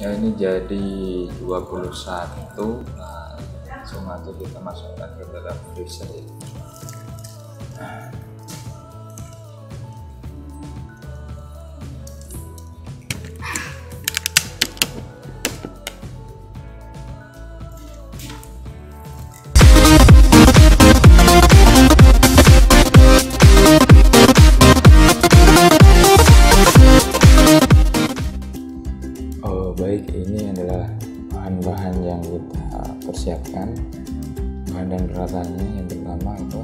ya ini jadi 21 nah langsung aja kita masukkan ke dalam freezer ya. siapkan bahan dan peralatannya yang pertama itu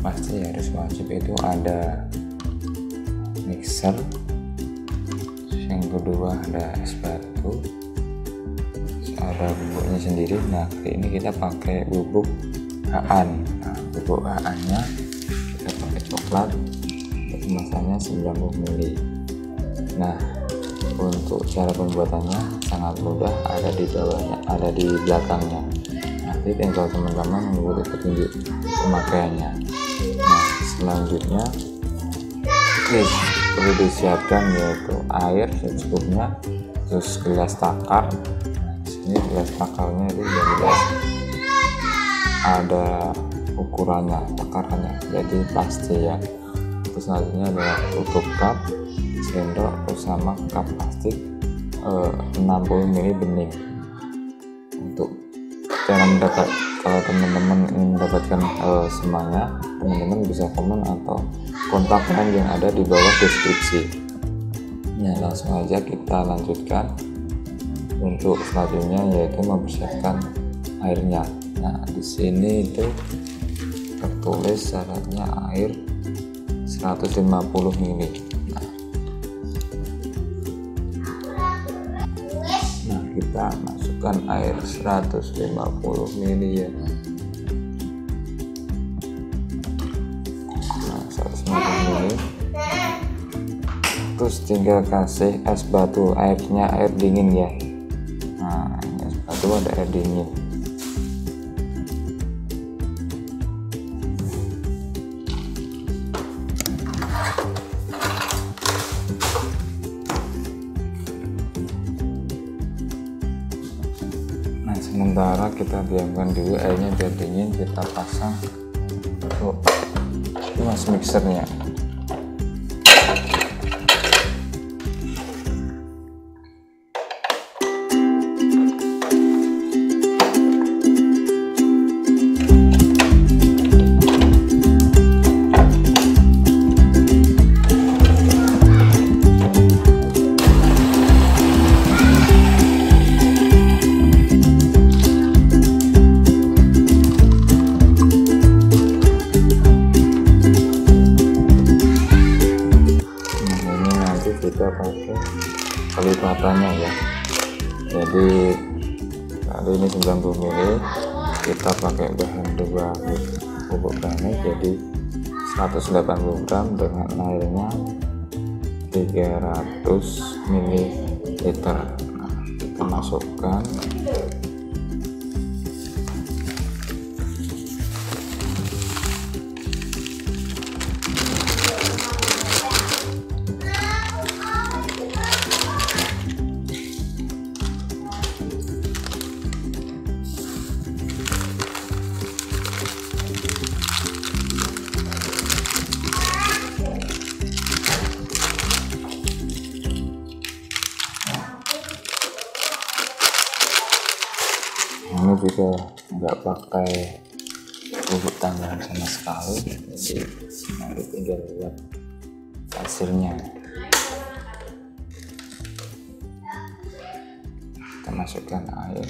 pasti harus wajib itu ada mixer yang kedua ada es batu ada bubuknya sendiri nah ini kita pakai bubuk haan nah, bubuk haannya kita pakai coklat kemasannya 90 ml nah untuk cara pembuatannya sangat mudah ada di bawahnya ada di belakangnya nanti tinggal teman-teman mengikuti petunjuk pemakaiannya nah selanjutnya kris perlu disiapkan yaitu air secukupnya terus gelas takar nah, ini gelas takarnya itu dua gelas ada ukurannya takarannya jadi pasti ya terus selanjutnya adalah tutup cup sendok atau sama cup plastik eh, 60 ml bening untuk cara mendapat kalau teman-teman ingin mendapatkan eh, semuanya teman-teman bisa komen atau kontak yang ada di bawah deskripsi ya langsung aja kita lanjutkan untuk selanjutnya yaitu mempersiapkan airnya nah di sini itu tertulis syaratnya air 150 ml kita masukkan air 150 ml ya nah 150 ml terus tinggal kasih es batu airnya air dingin ya nah es batu ada air dingin sementara kita diamkan dulu airnya biar dingin kita pasang untuk tuas mixernya ya jadi kali ini 90 mili kita pakai bahan dua bubuk keramik jadi 180 gram dengan airnya 300 ml kita masukkan juga gitu, nggak pakai bubuk tambahan sama sekali jadi nanti tinggal lihat hasilnya kita masukkan air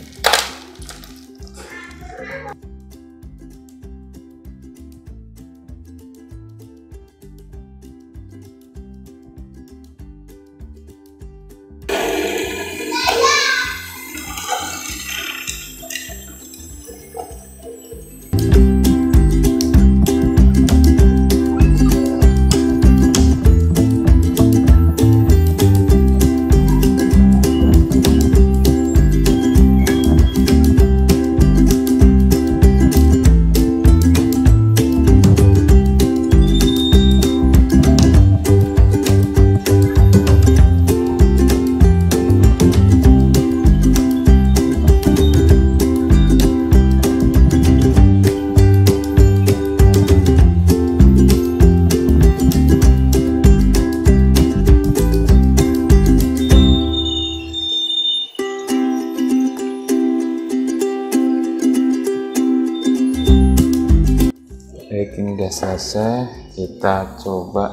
Selesai, kita coba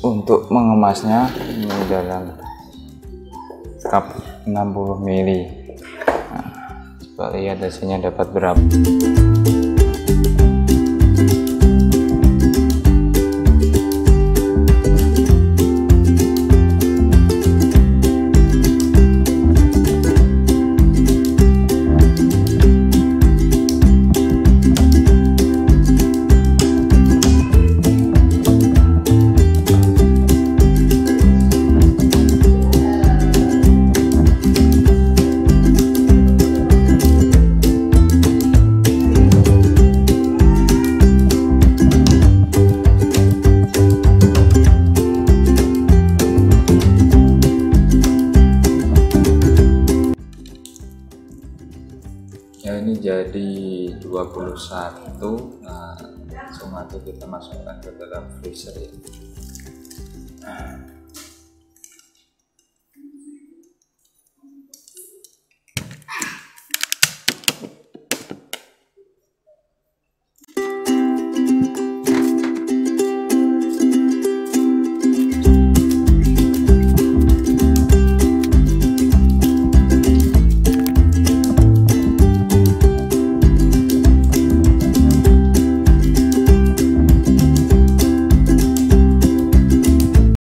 untuk mengemasnya ini dalam cup 60 ml nah, coba lihat hasilnya dapat berapa ya ini jadi 21 nah langsung aja kita masukkan ke dalam freezer ya nah.